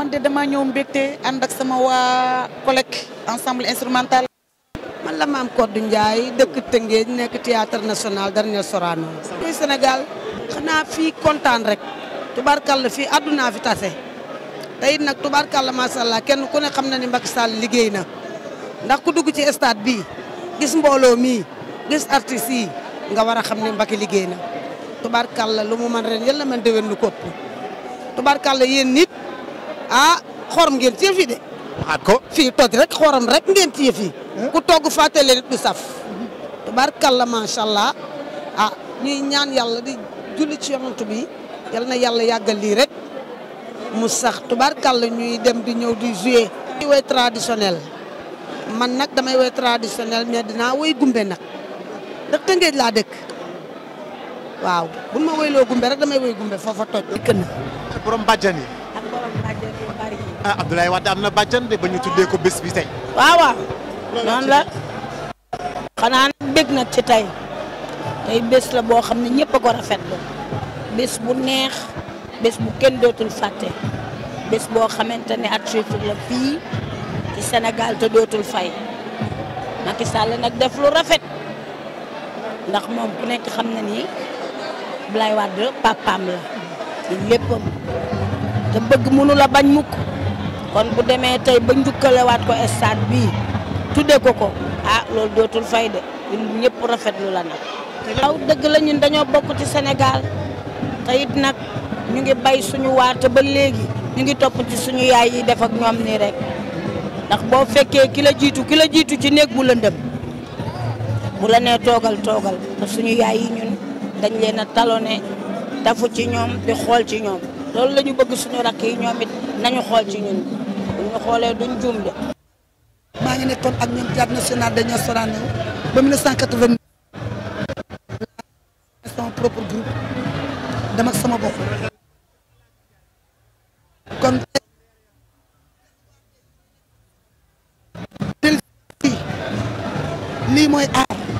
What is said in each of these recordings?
man de dama ñëw mbégte ànd ak sama waa collègue ensemble instrumental. man la maam Kodou Ndiaye dëkk Tëngéej nekk théâtre national Daniel Sorano. muy Sénégal xanaa fii kontaan rek tubaarkàlla fii àdduna fi tase te it nag tubaarkàlla macha allah kenn ku ne xam na ni Macky sàll liggéey na ndax ku dugg ci stade bi gis mbooloo mii gis artistes yi nga war a xam ne Macky liggéey na tubaarkàlla lu mu mën ren yàlla man déwén lu kopp tubaarkàlla yéen nit. ah xorom ngeen ci fi de waxaat ko fii toj rek xorom rek ngeen ci fi eh? ku togg fàtte du saf tubarkalla macha allah ah ñuy ñaan yàlla di julli ci yonent bi yal na yàlla yàggal lii rek mu sax tubarkalla ñuy dem di ñëw di jouer di way traditionnel man nag damay way traditionnel mais dinaa way gumbe nak, ndax tëngeej laa dëkk waaw bu ma woyloo gumbe rek damay woy gumbe foofa toj. dëkk na borom bàjjan bari. ah Abdoulaye Wade am na bàjjan ba ñu tuddee ko bés bi tey. waaw noonu la xanaa nag bég na ci tey tey bés la boo xam ne ñépp a ko rafetlu bés bu neex bés bu kenn dootul fàtte bés boo xamante ne activité la fii ci Sénégal te dootul fay Macky Sall nag def lu rafet ndax moom ku nekk xam na ni Abdoulaye Wade papaam la di léppam. te bëgg mënu la bañ mukk kon bu demee tey ba njukkalewaat ko stade bii tudde ko ko ah loolu dootul fay de ñun ñëpp rafetlu la nag. waaw dëgg lañun dañoo bokk ci Sénégal te it nag ñu ngi bay suñu waate ba léegi ñu ngi topp ci suñu yaay yi def ak ñoom nii rek ndax boo fekkee ki jiitu ki jiitu ci néeg bu lëndëm bu la nee toogal toogal te suñu yaay yi ñun dañ leen a talone dafu ci ñoom di xool ci ñoom. loolu la ñu bëgg suñu rakk yi ñoom it nañu xool ci ñun bu ñu xoolee duñ juum de. maa ngi nekkoon ak ñoom théâtre national dañoo soraan ba 1980 sama propre groupe dama sama bopp kon lii mooy aar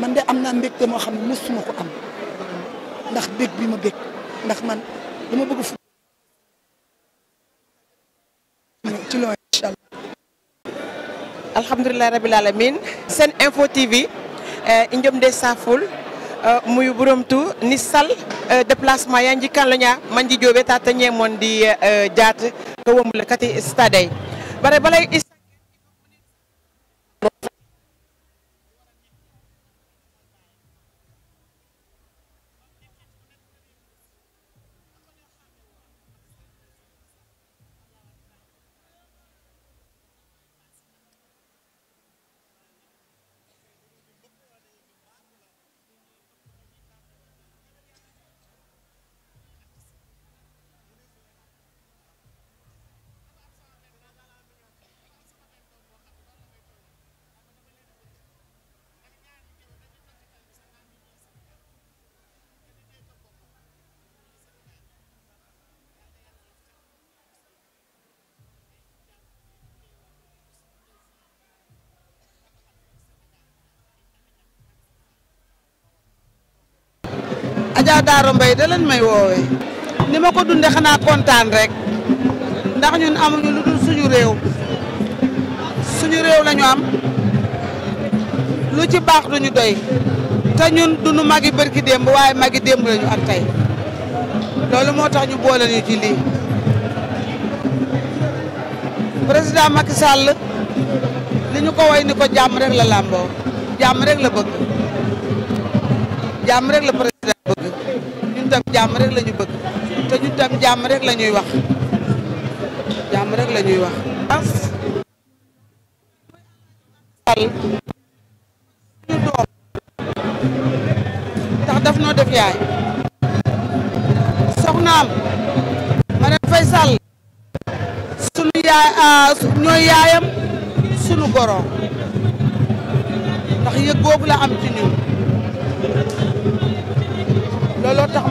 man de am naa mbégte moo xam ne suma ko am ndax bég bi ma bég ndax man dama bëgg fu ci loolu incha allah alhamdulilahi rabil alamin seen info tv eh, i jomde saful eh, muyu ɓuuram tu ni sall eh, déplacement yanji kanloña manji joɓe ta tañemon ndi jaat ko wombule kati stade ay balay aja Daaro Mbaye da leen may wowe nima kontan ko dundé xana contane rek ndax ñun amuñu lu dul suñu réew suñu réew lañu am lu ci bax duñu doy te ñun duñu magi barki demb waye magi demb lañu ak tay lolu moo tax ñu boole ñu ci li président Macky Sall liñu ko way ni ko jam rek la lambo jam rek la bëgg jam rek la tam jàmm rek la ñu bëgg te ñu tam jàmm rek la ñuy wax jàmm rek la wax. ndax daf noo def yaay soxnaam ma ne fay sàll sunu yaay ah, ñooy yaayam sunu goro ndax yëg la am ci ñun. looloo tax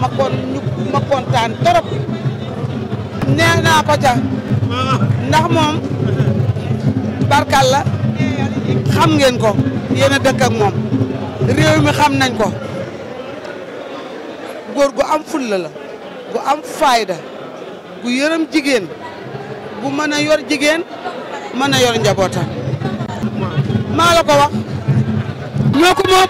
ma kontaan trop nee naa ko ca ndax moom barkal xam ngeen ko yéen a dëkk moom réew mi xam nañ ko góor gu am fulla la gu am fayda gu yërëm jigéen gu mën a yor jigéen mën a yor njabootam maa la ko wax ñoo moom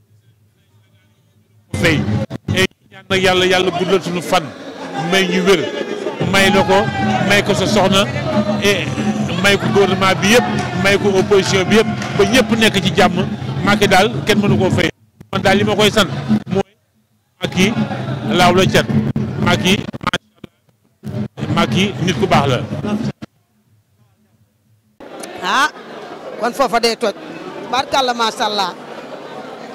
fay et ñaan nag yàlla yàlla guddal suñu fan may ñu wér may la ko may ko sa soxna et may ko gouvernement bi yëpp may ko opposition bi yëpp ba ñëpp nekk ci jàmm Macky daal kenn mënu koo fay man daal li ma koy sant mooy Macky laaw la cat Macky macha nit ku baax la ah kon foofa day toj barkalla macha allah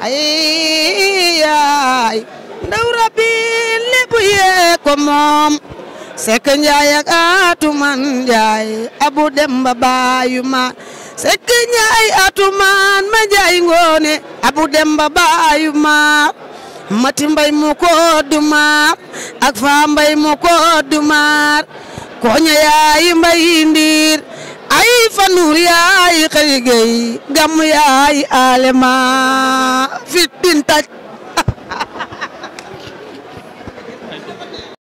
ayaay ndaw rabbi lépp yee moom sekk njaay ak atu njaay abu demba baayu ma sekk njaay atu ma njaay ngoone abu demba baayu ma mati mu ko dumaar ak faa mu ko dumaar koña yaay mbay ay fanuur yaay xëy gay gam yaay alema fit din